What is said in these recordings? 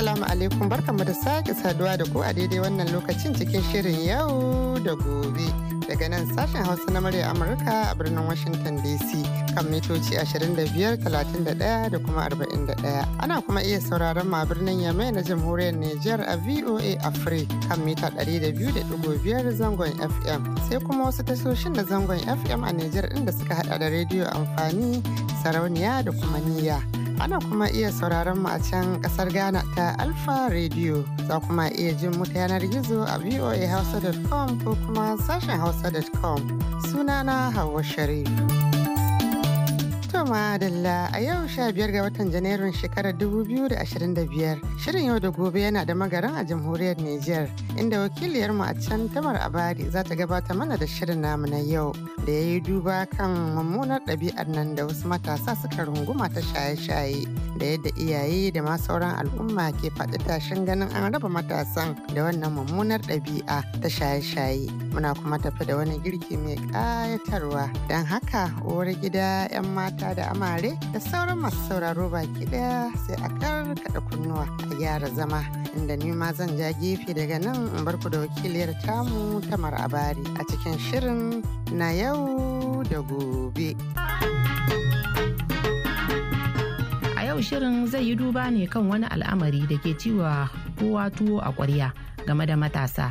Assalamu alaikum barkanmu da sake saduwa da ku a daidai wannan lokacin cikin shirin yau da gobe daga nan sashen Hausa na murya Amurka a birnin Washington DC kan mitoci 25, 31 da kuma 41. Ana kuma iya sauraron ma birnin Yamai na Jamhuriyar Nijar a VOA Africa kan mita 200.5 zangon FM sai kuma wasu tashoshin da zangon FM a Nijar inda suka hada da rediyo amfani sarauniya da kuma niyya. Ana kuma iya sauraron mu a can kasar Ghana ta Alfa Radio. Za kuma iya jin mu ta yanar gizo a voahausa.com ko kuma sashen hausa.com. Sunana Hauwa Sharif. madalla a yau sha biyar ga watan janairun shekarar 2025 shirin yau da gobe yana da magaran a jamhuriyar Nijar inda wakiliyarmu a can tamar abari za ta gabata mana da shirin namu na yau da ya yi duba kan mummunar ɗabi'ar nan da wasu matasa suka runguma ta shaye-shaye da yadda iyaye da ma sauran al'umma ke faɗi tashin ganin an raba matasan da wannan mummunar ɗabi'a ta shaye-shaye muna kuma tafi da wani girki mai ƙayatarwa don haka uwar gida 'yan mata da da amare da sauran masu sauraro baki daya sai a kada kunnuwa a gyara zama inda ni ma zan ja gefe daga nan in barku da wakiliyar tamu tamar abari a cikin shirin na yau da gobe. A yau shirin zai yi duba ne kan wani al'amari da ke ciwa kowa tuwo a ƙwarya game da matasa.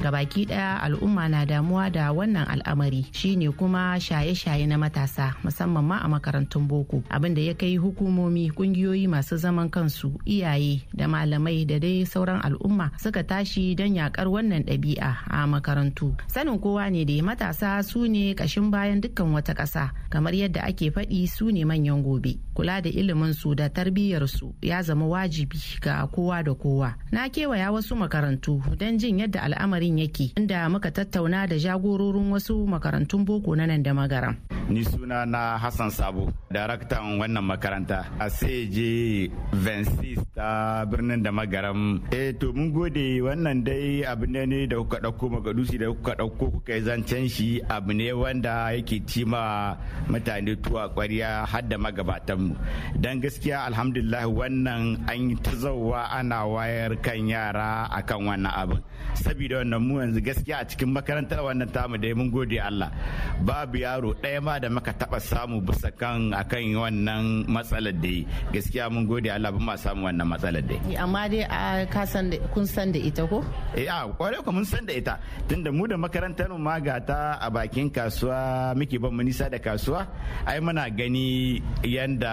Ga baki daya al'umma na damuwa da wannan al'amari shine kuma shaye-shaye na matasa musamman ma a makarantun boko Abinda ya kai hukumomi kungiyoyi masu zaman kansu iyaye da malamai da dai sauran al'umma suka tashi don yakar wannan ɗabi'a a makarantu sanin kowa ne da matasa su ne kashin bayan dukkan wata ƙasa kamar yadda ake faɗi su ne manyan gobe kula da ilimin su da tarbiyyar su ya zama wajibi ga kowa da kowa na kewaya wasu makarantu don jin yadda al'amarin lamarin yake inda muka tattauna da jagororin wasu makarantun boko na nan da magara. Ni suna na Hassan Sabo, daraktan wannan makaranta a CJ 26 ta birnin da magaram. Eh to mun gode wannan dai abu ne da kuka dauko magadusi da kuka dauko kuka yi zancen shi abu ne wanda yake ci mutane tuwa kwariya har da mu Dan gaskiya alhamdulillah wannan an yi ta ana wayar kan yara akan wannan abin. Sabida wannan mu yanzu gaskiya a cikin makarantar wannan tamu dai mun gode Allah babu yaro ɗaya ma da muka taɓa samu bisa kan akan wannan matsalar da yi gaskiya mun gode Allah ba ma samu wannan matsalar da yi eh, amma dai a ka san kun san da ita ko eh a kware ku mun san da ita tunda mu da makarantar mu ma ga ta a bakin kasuwa muke ban mu nisa da kasuwa ai muna gani yanda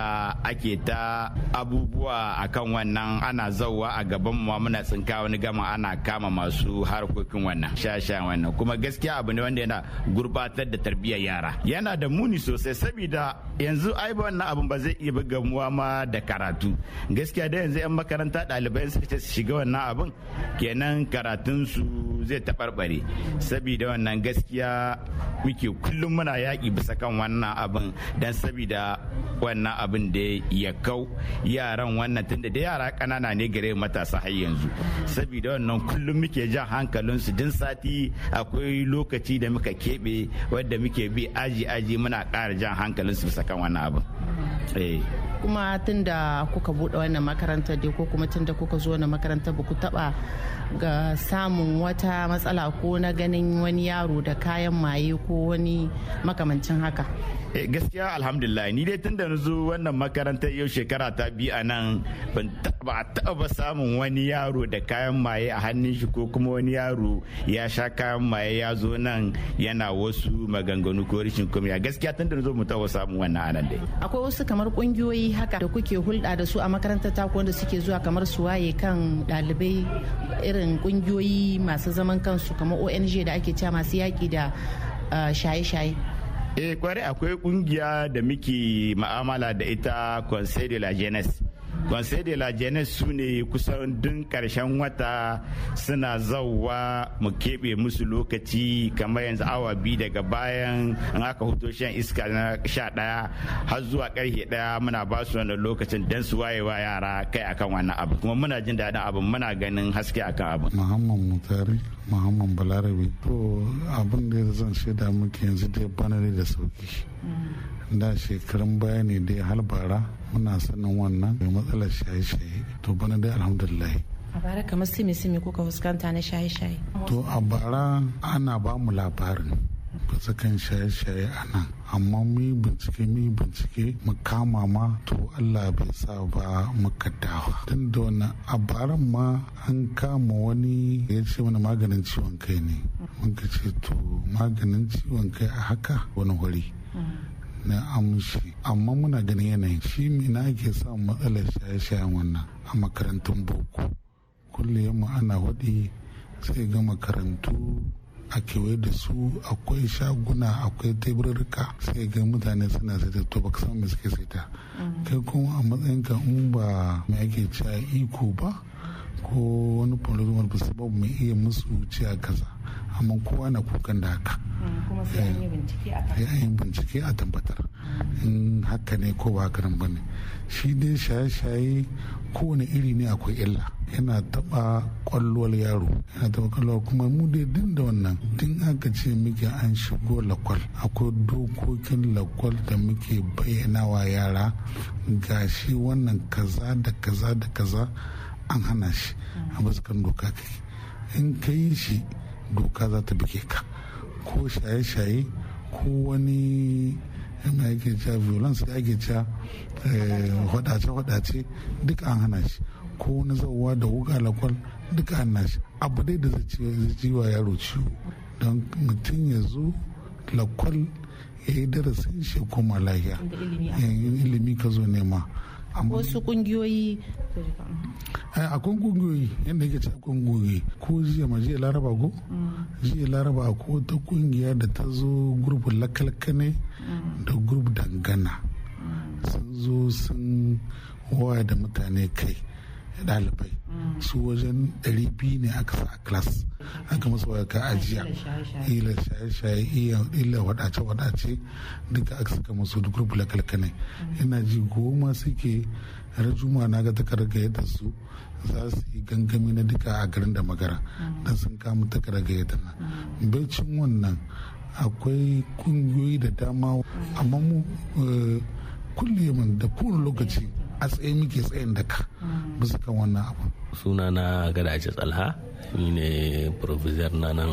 ake ta abubuwa akan wannan ana zauwa a gaban mu muna tsinka wani gama ana kama masu harkokin cikin wannan shashan wannan kuma gaskiya abu ne wanda yana gurbatar da tarbiyyar yara yana da muni sosai saboda yanzu ai wannan abin ba zai iya buga muwa ma da karatu gaskiya da yanzu yan makaranta ɗalibai suka su shiga wannan abin kenan karatun su zai taɓarɓare saboda wannan gaskiya muke kullum muna yaƙi bisa kan wannan abin dan saboda wannan abin da ya kau yaran wannan tunda da yara ƙanana ne gare matasa har yanzu saboda wannan kullum muke jan hankalin sittin sati akwai lokaci da muka keɓe wadda muke bi aji aji muna ƙara jan hankalin su bisa kan wani abu eh. kuma tun da kuka buɗe wannan makarantar dai ko kuma tun da kuka zo wannan makarantar ba ku taɓa ga samun wata matsala ko na ganin wani yaro da kayan maye ko wani makamancin haka Eh, gaskiya alhamdulillah ni dai tunda nazo wannan makarantar yau shekara ta biyu a nan ban taba taba samun wani yaro da kayan maye a hannun shi ko kuma wani yaro ya sha kayan maye ya zo nan yana wasu maganganu ko rishin komiya gaskiya tunda nazo mu taba samun wannan anan dai akwai wasu kamar kungiyoyi haka da kuke hulɗa da su a makarantar ta wanda suke zuwa kamar su waye kan ɗalibai irin kungiyoyi masu zaman kansu kamar ONG da ake cewa masu yaƙi da eh, shaye-shaye eh kwarai akwai kungiya da muke ma'amala da ita conseil de la jeunesse conseil de la jeunesse su ne kusan dun karshen wata suna zauwa mu keɓe musu lokaci kamar yanzu awa biyu daga bayan an aka hoto shan iska na sha ɗaya har zuwa karfe ɗaya muna ba su wannan lokacin dan su wayewa yara kai akan wannan abu kuma muna jin daɗin abu muna ganin haske akan abu. Muhammad Mutari Muhammad Balarabe to abin da zan shaida muke yanzu dai bana da sauki. Mm. Da shekarun baya ne dai har bara muna sanin wannan mai matsalar shaye-shaye to bana dai alhamdulillah a bara kamar simi simi kuka fuskanta na shaye-shaye to a bara ana ba mu labarin bisa kan shaye-shaye ana. amma mu yi bincike mu yi bincike mu kama ma to Allah bai sa ba mu dawa tun da a baran ma an kama wani ya ce wani maganin ciwon kai ne mun ce to maganin ciwon kai a haka wani wuri. na amshi amma muna ganin yanayin shi me na ake samun matsalar shaye-shayen wannan a makarantun boko kulle yamma ana waɗi sai ga makarantu a kewaye da su akwai shaguna akwai teburarka sai ga mutane suna saita to baka san me suke saita mm. kai kuma a matsayin ka in ba mai ake cewa iko ba ko wani problem wani ba mu iya musu cewa kaza amma kowa na kukan da haka mm, kuma sai an yi eh, bincike a tabbatar in haka ne ko ba haka ba ne shi dai shaye-shaye kowane iri ne akwai illa yana taba kwallowar yaro yana taba kwallowar kuma mu dai din da wannan din aka ce muke an shigo lakwal akwai dokokin lakwal da muke bayyana wa yara gashi wannan kaza da kaza da kaza an hana shi a doka kai in ka yi shi doka za ta bige ka ko shaye-shaye ko wani yana yake cewa violence ya ake cewa hudace-hudace eh, duk an hana shi ko wani zauwa da wuka lakwal duk an hana shi abu dai da zai ji wa yaro ciwo don mutum ya zo lakwal ya yi darasin shi kuma lahiya eh, ilimi ka zo nema wasu kungiyoyi a kun eh, kungiyoyi yadda yake ce kungiyoyi ko jiya ma jiya laraba ko mm. jiya laraba ko ta kungiya da ta zo gurbin lakalka ne mm. da gurbin dangana mm. sun zo sun waya da mutane kai ɗalibai su wajen 200 ne aka sa class aka masu wayaka ajiya ila shaye-shaye ila wadace-wadace duka aka saka masu duk rubula kalkanai mm. ina ji goma suke rajuma na ga takarga yadda su za su yi gangami na duka a garin da magara mm. don sun kama ga yadda na mm. bacin wannan akwai kungiyoyi da dama amma mu eh, kulle da kowane lokaci a tsaye muke tsayin ka bisa kan wannan abu suna na gadace tsalha ni ne provisor na nan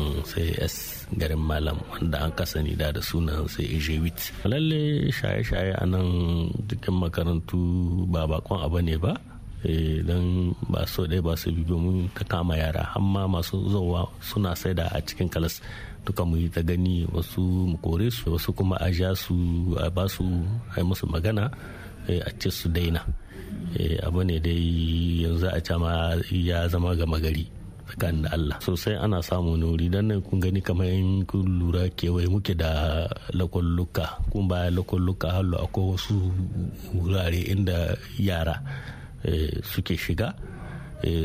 s garin malam wanda an kasani da da sunan sai ejewit lalle shaye-shaye a nan dukkan makarantu ba bakon abu ne ba eh, don ba so dai ba su biyu mun ta kama yara amma masu zowa suna da a cikin kalas duka mu yi ta gani wasu mu kore su wasu kuma a ja su a ba su musu magana Eh, a ce su daina eh, abu ne dai yanzu a cama ya zama gama gari tsakanin da Allah sosai ana samu nuri don nan kun gani kamar yin kun lura kewaye muke da lakwalluka kun baya lakwalluka hallo akwai wasu wurare inda yara eh, suke shiga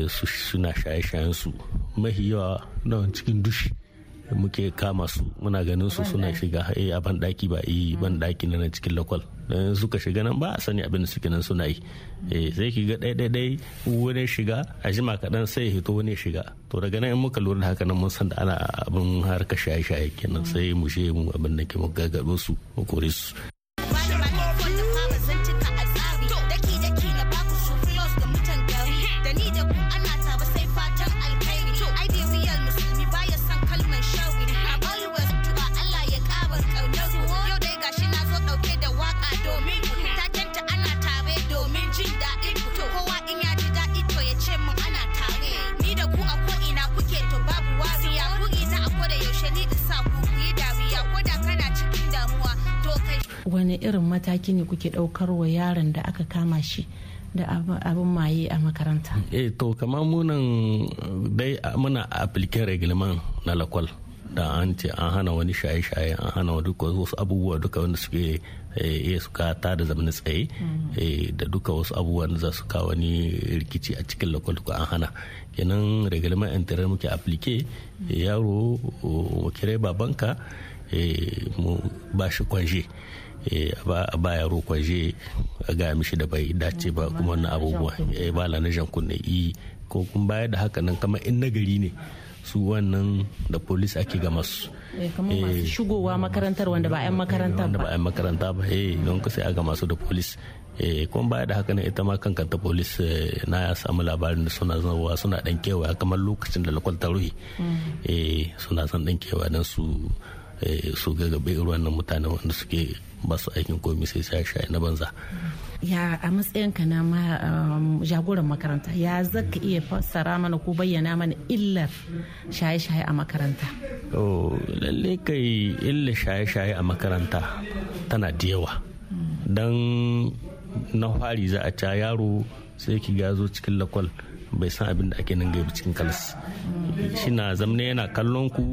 suna shaye-shayen su mahi yawa na cikin dushi muke kama su muna ganin su suna shiga eh, a ban daki ba yi eh, hmm. ban daki na cikin lokwal don suka shiga nan ba a sani abin da suke nan suna yi hmm. eh, sai ki ga dai dai wani shiga a jima kaɗan sai ya hito wani shiga to daga nan in muka lura da haka nan mun san da ana abin harka shaye-shaye kenan hmm. sai mu je mu abin da ke mu gaggado su mu kore su wani irin mataki ne kuke ɗaukar wa yaron da aka kama shi da abin maye a makaranta eh to kamar munan dai muna aplikin reglement na lakwal da an ce an hana wani shaye-shaye an hana wani wasu abubuwa duka wanda suke eh, iya suka ta da zaman tsaye mm-hmm. eh, da duka wasu abubuwa za su kawo wani rikici a cikin lokal duka an hana kenan reglement interior muke aplike eh, yaro wakilai babanka mu ba shi kwanje Eh, a ba yaro kwaje a ga mishi da bai dace ba kuma wannan abubuwa eh, ba bala na jan kunne i ko kuma baya da haka nan kama in nagari ne su wannan da polis ake ga eh, masu shigowa makarantar wanda ba 'yan makaranta ba Wanda ba 'yan makaranta ba eh don sai a ga masu da polis kuma baya da haka ne ita ma kan kanta polis na ya samu labarin da suna zanwa suna dan kewaya kamar lokacin da lakwal ta ruhi mm. suna zan dan kewaya dan su Eh, su gagabe ruwan nan mutane wanda suke basu aikin komi sai sai shaye na banza ya a matsayinka na ma um, jagoran makaranta ya zaka iya fassara mana ko bayyana mana illar shaye-shaye a makaranta lalle kai illar shaye-shaye a makaranta tana da yawa hmm. don na fari za a ca yaro sai ki gazo cikin lakwal bai san abin da ake nan gaba cikin kalas shi na zamne yana kallon ku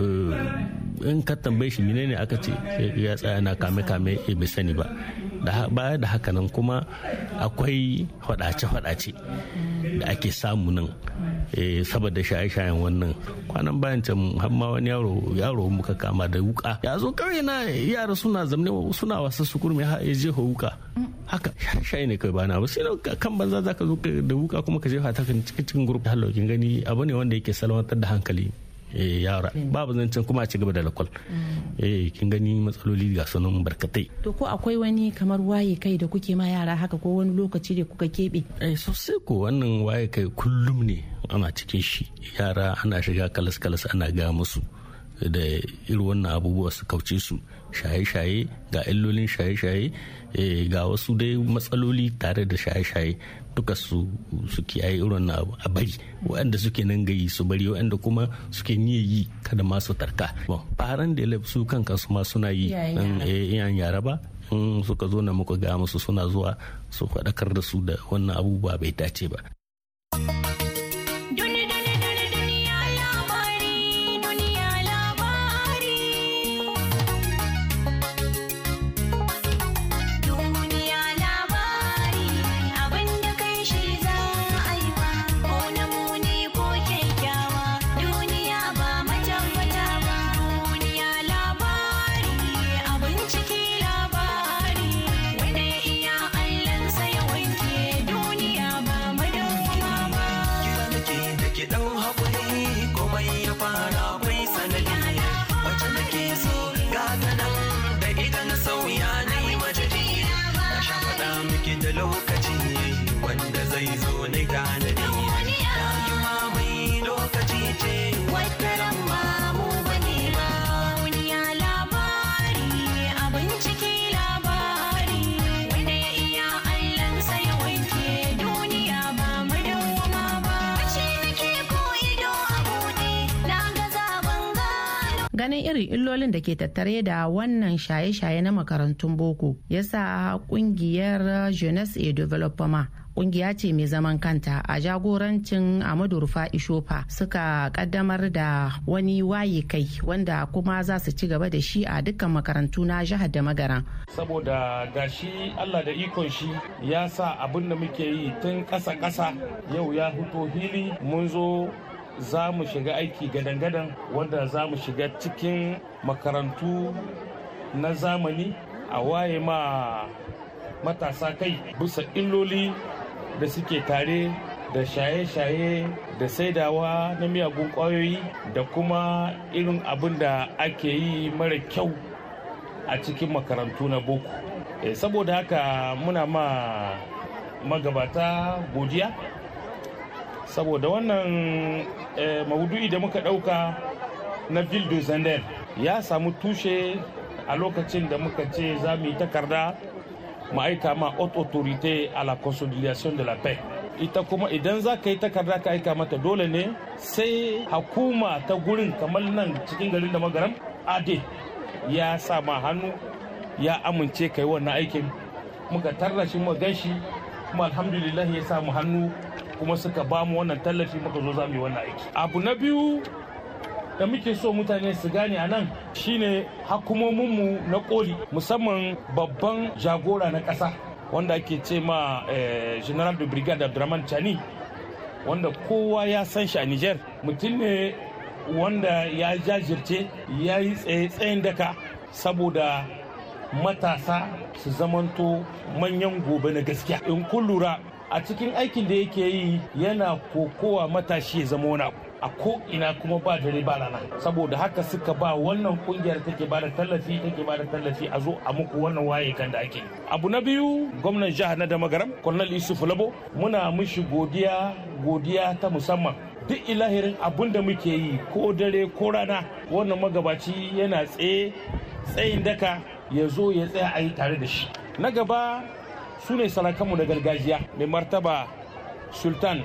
eh, in ka tambaye shi menene aka ce ya tsaya na kame kame eh, bai sani ba baya da haka nan kuma akwai faɗace-faɗace da ake samu nan eh, saboda shaye-shayen wannan kwanan bayan can har ma wani yaro yaro muka kama da wuka ya zo kawai na yara suna zamne suna wasa su kurmi ya jefa wuka haka shaye ne kai bana ba sai kan banza zaka zo da wuka kuma ka jefa ta cikin cikin gurbin halaukin gani abu ne wanda yake salwantar da hankali Eh, yara eh. babu zancen kuma a ci gaba da lakwal mm. eh kin gani matsaloli ga sunan barkatai to ko akwai wani kamar waye kai da kuke ma yara haka ko wani lokaci da kuka kebe eh sosai ko wannan waye kai kullum ne ana cikin shi yara ana shiga kalas kalas ana ga musu da irin wannan abubuwa su kauce su shaye-shaye ga illolin shaye-shaye eh, ga wasu dai matsaloli tare da shaye-shaye duka su su kiyaye irin na a bari waɗanda suke nan gayi su bari waɗanda kuma suke niyyar yi kada ma su tarka faran da su kan kansu ma suna yi yan eh, yara ba in suka zo na muka ga musu suna zuwa su faɗakar da su da wannan abubuwa bai dace ba. ganin irin illolin da ke tattare da wannan shaye-shaye na makarantun boko ya sa kungiyar jeunesse et développement kungiya ce mai zaman kanta a jagorancin amadu rufa ishofa suka kaddamar da wani waye kai wanda kuma za su ci gaba da shi a dukkan makarantu na jihar da magaran saboda gashi allah da ikon shi ya sa abin da muke yi tun ƙasa-ƙasa yau ya fito hili mun zo za mu shiga aiki gadan-gadan wanda za mu shiga cikin makarantu na zamani a waye ma matasa kai bisa illoli da suke tare da shaye-shaye da saidawa na miyagun kwayoyi da kuma irin abin da ake yi mara kyau a cikin makarantu na boko eh, saboda haka muna ma magabata godiya saboda wannan eh, maudu'i da muka ɗauka na de zandar ya samu tushe a lokacin da muka ce za mu yi takarda ma'aika ma haute autorité à la consolidation de la paix ita kuma idan za ka yi takarda ka aika mata dole ne sai hakuma ta gurin kamar nan cikin garin da magaram ade ya sa ma hannu ya amince ka yi wannan aikin muka tarra shi mu gan kuma alhamdulillah ya samu hannu kuma suka ba mu wannan tallafi muka zo za mu yi wannan aiki abu na biyu da muke so mutane su gane a nan shine hakumominmu na koli musamman babban jagora na ƙasa wanda ake ce ma eh, general de brigade abdurrahman chani wanda kowa ya san shi a niger mutum ne wanda ya jajirce ya yi tsaye-tsayen daka saboda matasa su zamanto manyan gobe na gaskiya in kun lura a cikin aikin da yake yi yana kokowa matashi ya zama wani abu a ko ina kuma ba dare ba rana saboda haka suka ba wannan kungiyar take ba da tallafi take ba da tallafi a zo a muku wannan waye kan da ake abu na biyu gwamnan jihar na damagaram kwallon Colonel muna mishi godiya godiya ta musamman duk ilahirin abin da muke yi ko dare ko rana wannan magabaci yana tsaye tsayin daka ya zo ya tsaya a yi tare da shi na gaba su ne sarakanmu na gargajiya mai martaba sultan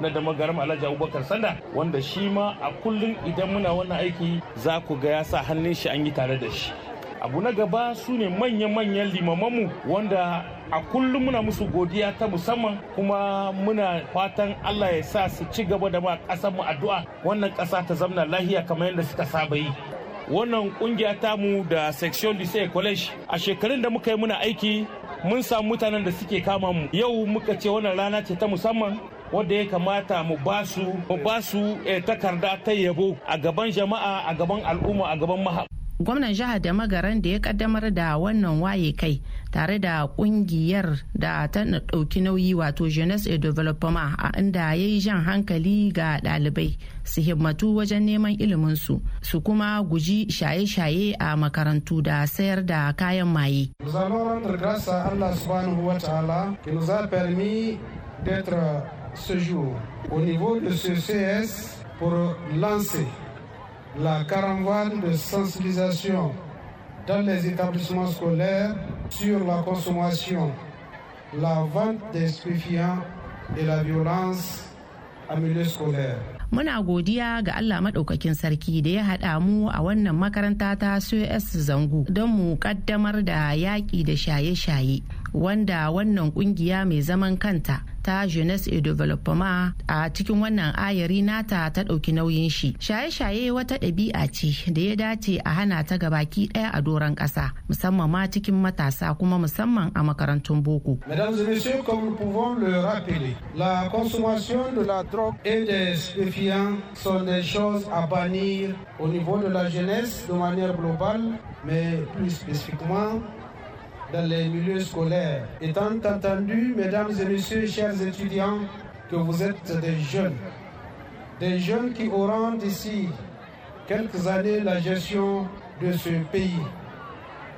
na da garin alhaji abubakar sanda wanda shi ma a kullum idan muna wannan aiki za ku ga ya sa hannun shi an yi tare da shi abu na gaba su ne manya-manyan limamanmu wanda a kullum muna musu godiya ta musamman kuma muna fatan allah ya sa su ci gaba da ma mu addu'a wannan ƙasa ta zamna lahiya kamar yadda suka saba yi wannan kungiya tamu da section lycée college a shekarun da muka yi muna aiki mun samu mutanen da suke kama mu yau muka ce wannan rana ce ta musamman wadda ya kamata mu ba su mu ba eh, takarda ta yabo a gaban jama'a a gaban al'umma a gaban maha gwamnan jihar da magaran da ya kaddamar da wannan waye kai tare da kungiyar da ta dauki nauyi wato jeunesse et développement a inda ya yi jan hankali ga dalibai su himmatu wajen neman iliminsu su kuma guji shaye-shaye a makarantu da sayar da kayan maye. Allah d'être ce jour de ce CS pour lancer la caravane de sensibilisation dans les établissements scolaires sur la consommation, la vente des stupéfiants et la violence à milieu scolaire. Muna godiya ga Allah maɗaukakin sarki da ya haɗa mu a wannan makaranta ta COS Zango don mu ƙaddamar da yaƙi da shaye-shaye. wanda wannan kungiya mai zaman kanta ta jeunesse et développement a cikin wannan ayari nata ta ɗauki nauyin shi shaye-shaye wata ɗabi'a ce da ya dace a hana ta gabaki ɗaya a doron ƙasa musamman ma cikin matasa kuma musamman a makarantun boko mesdames et messieurs comme nous pouvons le rappeler la consommation de la drogue et des stupéfiants sont des choses à bannir au niveau de la jeunesse de manière globale mais plus spécifiquement dans les milieux scolaires, étant entendu, mesdames et messieurs, chers étudiants, que vous êtes des jeunes, des jeunes qui auront d'ici quelques années la gestion de ce pays.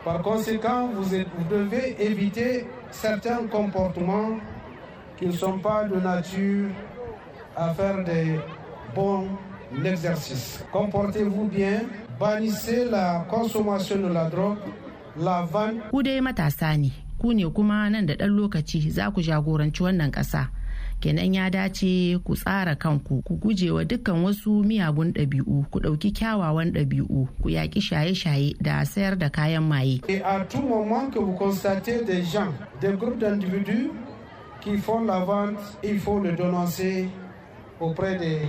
Par conséquent, vous, devez éviter certains comportements qui ne sont pas de nature à faire des bons exercices. Comportez-vous bien, bannissez la consommation de la drogue, Ku dai matasa ne, ku ne kuma nan da ɗan lokaci za ku jagoranci wannan ƙasa. kenan ya dace ku tsara kanku ku guje wa dukkan wasu miyagun ɗabi'u ku ɗauki kyawawan ɗabi'u ku yaƙi shaye-shaye da sayar da kayan maye. Et à tout que vous gens, groupes d'individus auprès des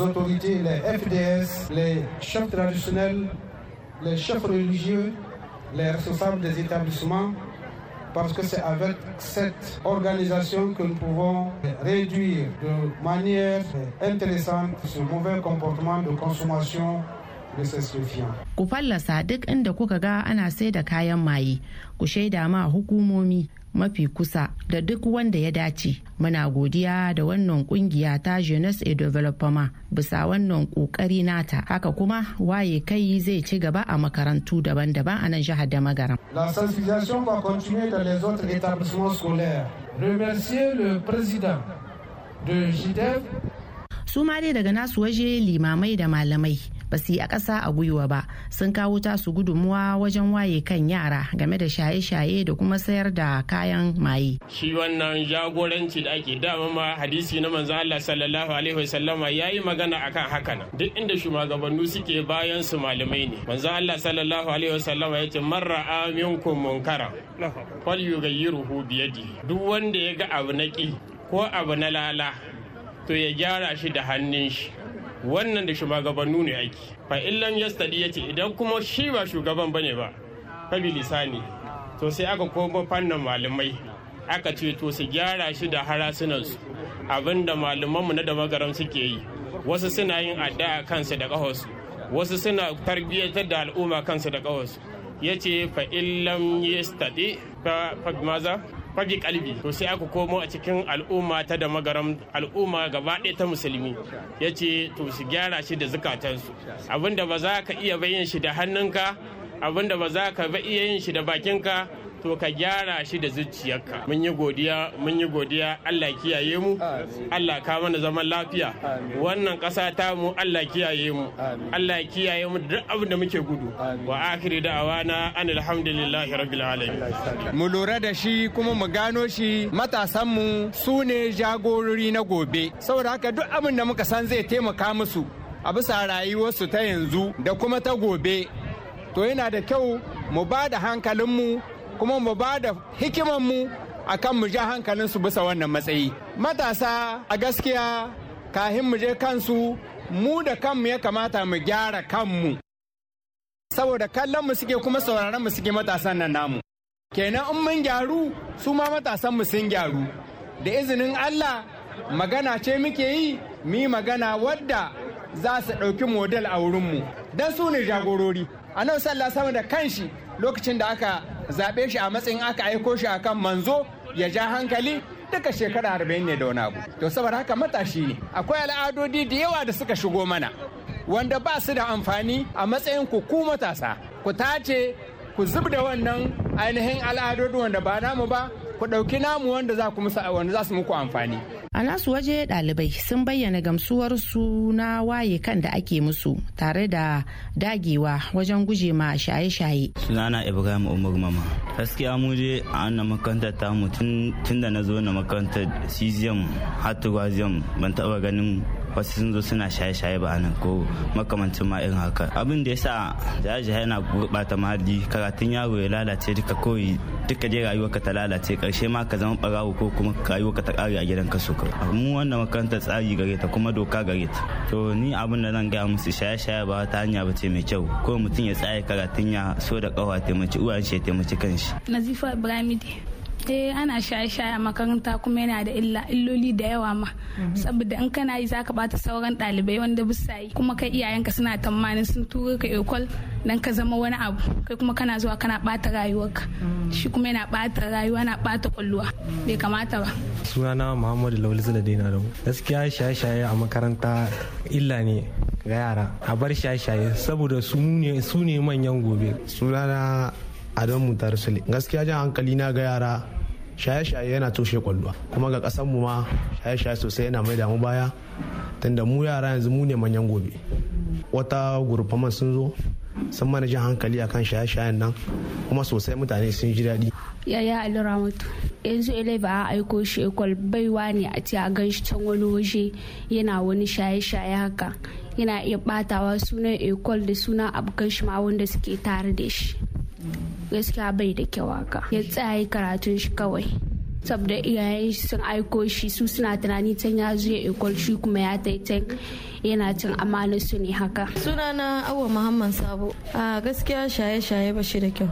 autorités, les FDS, les chefs traditionnels, les chefs religieux, les responsables des établissements, parce que c'est avec cette organisation que nous pouvons réduire de manière intéressante ce mauvais comportement de consommation Ku fallasa duk inda kuka ga ana sai da kayan maye, ku shaida ma hukumomi mafi kusa da duk wanda ya dace. Muna godiya da wannan kungiya ta Jeunesse et Développement bisa wannan kokari nata. Haka kuma waye kai zai ci gaba a makarantu daban-daban a nan jihar da magaram. La sensibilisation va continuer dans les autres établissements scolaires. Remercier le président de JDEV. Su dai daga nasu waje limamai da malamai. ba a ƙasa a gwiwa ba sun kawo tasu gudunmuwa wajen waye kan yara game da shaye-shaye da kuma sayar da kayan maye. Shi wannan jagoranci da ake dama ma hadisi na manzo Allah sallallahu alaihi wasallama ya yi magana akan hakan duk inda shugabannu suke bayan su malamai ne. Manzo Allah sallallahu alaihi wasallama ya ce man ra'a minkum munkara fal yughayyiruhu bi duk wanda ya ga abu na ko abu na lala to ya gyara shi da hannun shi wannan da shugabannu ne aiki fa illan yastadi yace idan kuma shi ba shugaban bane ba fa bilisani to sai aka koma fannin malamai aka ce to su gyara shi da su abinda malamanmu na damagaram suke yi wasu suna yin addu'a kansu da ƙahosu wasu suna tarbiyyatar da al'umma kansu da ƙahosu yace ce fa illam yastadi fa maza fage kalbi to sai aka komo a cikin al'umma ta da magaram al'umma gaba ɗaya ta musulmi ya ce to su gyara shi da zukatansu abinda ba za ka iya bayyana shi da hannunka abinda ba za ka iya yin shi da bakinka to ka gyara shi da zuciyarka mun yi godiya mun yi godiya Allah kiyaye mu Allah ka mana zaman lafiya wannan kasa ta mu Allah kiyaye mu Allah kiyaye mu duk abin da muke gudu wa akhiri da'awana an alhamdulillahi rabbil alamin mu lura da shi kuma mu gano shi matasan mu su ne jagorori na gobe saboda haka duk abin da muka san zai taimaka musu a bisa rayuwarsu ta yanzu da kuma ta gobe to yana da kyau mu ba da hankalinmu kuma mu ba da hikiman mu akan mu ja hankalin su bisa wannan matsayi matasa a gaskiya kahin mu je kansu mu da kanmu ya kamata mu gyara kanmu saboda kallon mu suke kuma sauraron mu suke matasan nan namu kenan in mun gyaru su ma matasan mu sun gyaru da izinin Allah magana ce muke yi mi magana wadda za su ɗauki model a wurin mu. Dan su ne jagorori a nan sallah sama da kanshi lokacin da aka zaɓe shi a matsayin aka aiko shi akan manzo ya ja hankali duka shekara arba'in ne da wani abu to saboda haka matashi ne akwai al'adodi da yawa da suka shigo mana wanda ba su da amfani a matsayin ku ku matasa ku tace ku zub da wannan ainihin al'adodi wanda ba namu ba ku ɗauki namu wanda za su muku amfani a nasu waje ɗalibai sun bayyana gamsuwar su na waye kan da ake musu tare da dagewa wajen guje ma shaye-shaye sunana ibrahim umar mama gaskiya mu je a annan makarantar tamu tun da na zo na makarantar cesium har ban taɓa ganin wasu sun zo suna shaye-shaye ba nan ko makamancin ma irin haka abin da yasa jaji yana gurɓata mahalli karatun yaro ya lalace duka koyi duka je rayuwarka ta lalace karshe ma ka zama barawo ko kuma ka ta kare a gidan kaso ka mu wannan makarantar tsari gare ta kuma doka gare ta to ni abin da zan gaya musu shaye-shaye ba ta hanya ba ce mai kyau ko mutum ya tsaya karatun ya so da kawa taimaki uwa shi ya taimaki kanshi nazifa ibrahim ita ana shaye-shaye a makaranta kuma yana da illa illoli da yawa ma saboda in kana yi zaka bata sauran dalibai wanda bu yi kuma kai iyayenka suna tamanin sun tura ka ekol dan ka zama wani abu kai kuma kana zuwa kana bata rayuwarka shi kuma yana bata rayuwa na bata kwalluwa bai kamata ba sunana muhammadu lawal zuladina da gaskiya shaye-shaye a makaranta illa ne ga yara a bar shaye-shaye saboda su ne manyan gobe sunana adamu mutar gaskiya jan hankali na ga yara shaye-shaye yana toshe kwallo kuma ga kasan mu ma shaye-shaye sosai yana mai damu baya tunda mu yara yanzu mu ne manyan gobe wata gurfaman sun zo sun mana jin hankali akan shaye-shayen nan kuma sosai mutane sun ji daɗi yaya alura mutu yanzu ilai ba a aiko shi ekwal baiwa ne a ce a gan shi can wani waje yana wani shaye-shaye haka yana iya batawa sunan ekwal da sunan abokan shi ma wanda suke tare da shi gaskiya bai da kyau haka ya tsaya karatun shi kawai saboda iyayen shi sun aiko shi su suna tunani can ya zo ya ikol shi kuma ya taitan yana cin amanar su ne haka sunana awa muhammad sabo a gaskiya shaye-shaye ba shi da kyau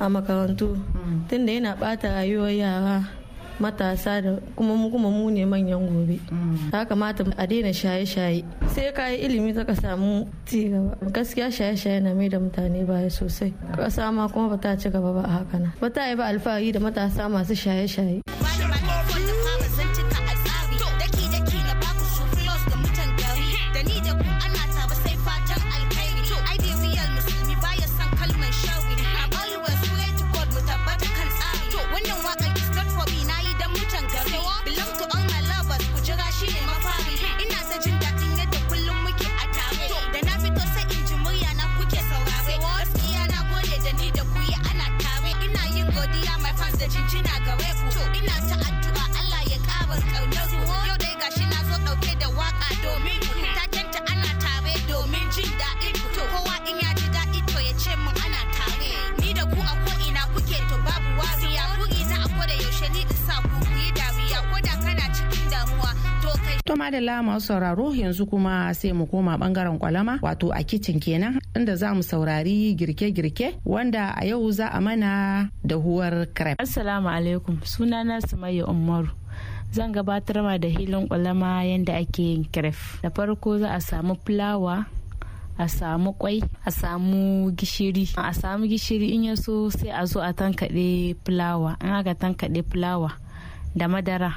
a makarantu mm. tunda yana bata rayuwar yara matasa da kuma mu kuma mu ne manyan gobe mm. ya kamata a daina shaye-shaye sai ka yi ilimi ta ka samu ci gaba gaskiya shaye-shaye na mai da mutane baya sosai ƙasa ma kuma ba ta ci gaba ba a haka na ba ta yi ba alfahari da matasa masu shaye-shaye da lama sauraro yanzu kuma sai mu koma bangaren kwalama wato a kicin kenan inda za mu saurari girke-girke wanda a yau za a mana dahuwar crepe. Assalamu alaikum sunana Sumayya Umaru. Zan gabatar ma da hilin kwalama yadda ake yin crepe. Da farko za a samu fulawa a samu kwai a samu gishiri a samu gishiri in yaso sai a zo a tankaɗe fulawa in aka tankaɗe fulawa da madara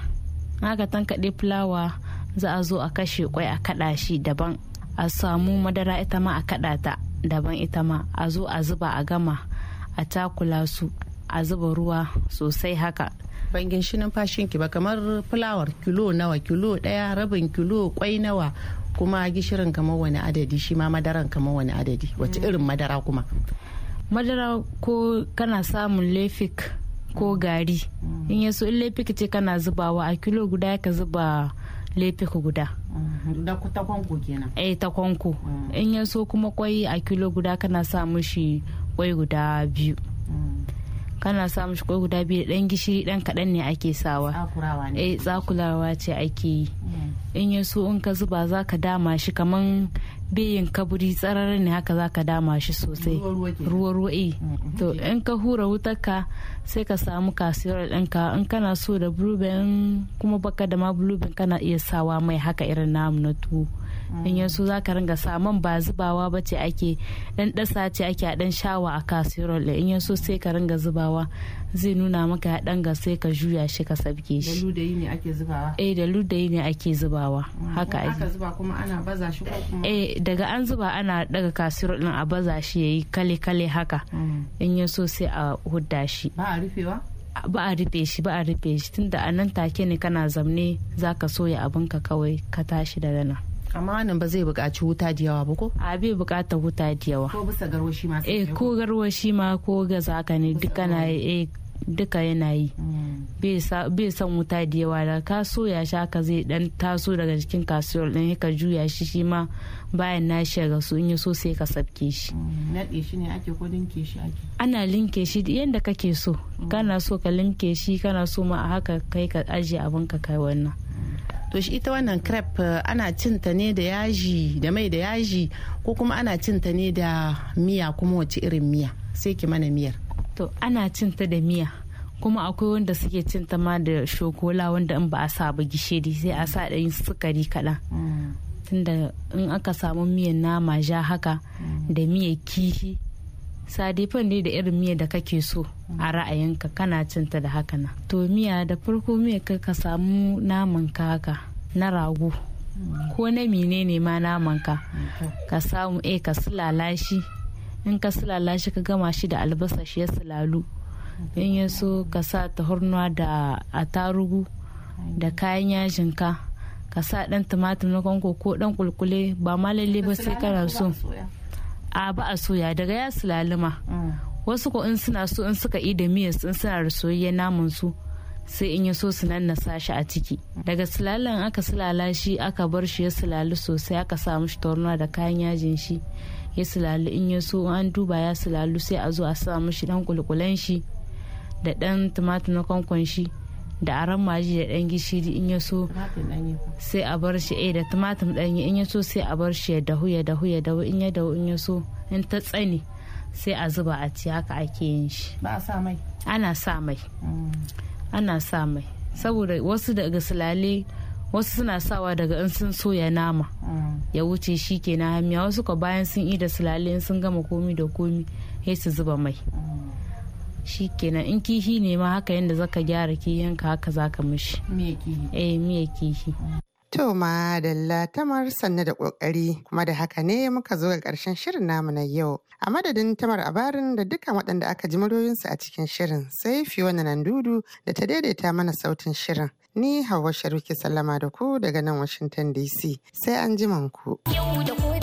in aka tankaɗe fulawa za a zo a kashe kwai a kada shi daban a samu madara ita ma a kada ta daban ita ma a zo a zuba a gama a takula su a zuba ruwa sosai haka ban ginshi numfashin ki ba kamar fulawar kilo nawa kilo daya rabin kilo kwai nawa kuma gishirin kamar wani adadi shi ma madaran kamar wani adadi wace irin madara kuma madara ko kana samun lefik ko gari in yaso in lefik ce kana zubawa a kilo guda ka zuba lefiku guda mhm. da takwanku kenan eh takwanku mm. in ya so kuma kwai a kilo guda kana sa mushi kwai guda biyu mm. kana sa mushi kwai guda biyu da ɗan gishiri dan kadan ne ake sawa ne eh tsakulawa ce ake yi mm. in ya so in ka zuba za ka dama shi kaman biyin kaburi tsararin ne haka zaka dama shi sosai ruwa ruwa eh. mm, mm, to mm. in ka hura wutarka sai ka samu kasuwar ɗinka in kana so da blueberry kuma baka da ma blueberry kana iya sawa mai haka irin namu na tuwo in yanzu za ka ringa saman ba zubawa ba ce ake dan dasa ce ake a dan shawa a da in yanzu sai ka ringa zubawa zai nuna maka ya dan sai ka juya shi ka sabke shi da ludayi ne ake zubawa eh da ludayi ne ake zubawa haka ake aka zuba kuma ana baza shi ko kuma eh daga an zuba ana daga kasirar din a baza shi yayi kale kale haka mm. in yanzu sai a hudda shi ba a rufewa ba a rufe shi ba a rufe shi tunda a nan take ne kana zamne zaka soya abinka kawai ka tashi da nan amma wannan ba zai buƙaci wuta da yawa ba ko a bai buƙatar wuta da yawa ko bisa garwashi ma eh ko garwashi ma ko ga zaka ne duka na eh duka yana yi hmm. bai san wuta da yawa da ka soya shi haka zai dan taso daga cikin kasuwar din ka juya shi shi ma bayan na shiga su in so sai ka sabke shi hmm. naɗe shi ne ake ko linke shi ake ana linke shi yadda kake so hmm. kana so ka linke shi kana so ma a haka kai ka ajiye abin ka kai wannan to shi ita wannan crepe eh, ana cinta ta ne da yaji da mai da yaji ko kuma ana cinta ta ne da miya kuma wace irin miya sai ki mana miyar to ana cin da miya kuma akwai wanda suke cinta ma da shokola wanda in ba a sa ba gishiri sai a sa ɗan sukari kaɗan mm. tunda in aka samu miyan nama ja haka mm. da miyan kifi. sadifan ne da irin miya da kake so a ra'ayinka kana cinta da haka na to miya da farko miya ka samu naman kaka na rago ko na menene ma naman ka ka samu eh ka sulala shi in ka sulala shi ka gama shi da albasa shi ya sulalu in ya so ka sa tahornuwa da atarugu da kayan yajinka ka sa dan tumatir na kwanko ko dan kulkule ba ma lalle ba sai kana so a ba a soya daga ya sulalima mm. wasu ko in suna so in suka yi da miyar in suna da soyayyen namun su sai in yi so su nan na sashi a ciki daga sulalin aka sulala shi aka bar shi ya sulalu sosai aka sa mishi tornuwa da kayan yajin shi ya sulali in yi so an duba ya sulalu sai a zo a sa mishi dan kulkulen shi da dan tumatir na kwankwan shi da aran maji da ɗan gishiri in ya so sai a bar shi eh da tumatum danyi in ya so sai a bar shi ya dahu ya dahu ya dahu in ya dahu in ya so in ta tsani sai a zuba a ci haka ake yin shi ba a sa mai ana sa mai mm. ana sa mai saboda wasu daga sulale wasu suna sawa daga in sun soya nama mm. ya wuce shi ke na hamiya wasu ka bayan sun yi da sulale in sun gama komi da komi sai su zuba mai mm. shi kenan in kihi ne ma haka yadda zaka gyara kiyanka haka zaka mishi eh miya kihi To ma da tamar sanne da kokari kuma da haka ne muka zo ga karshen shirin namu na yau. A madadin tamar abarin da dukkan waɗanda aka ji muryoyinsu a cikin shirin sai Fiona nan dudu da ta daidaita mana sautin shirin. Ni hawa Sharuki sallama da ku daga nan Washington DC. Sai an ji ku.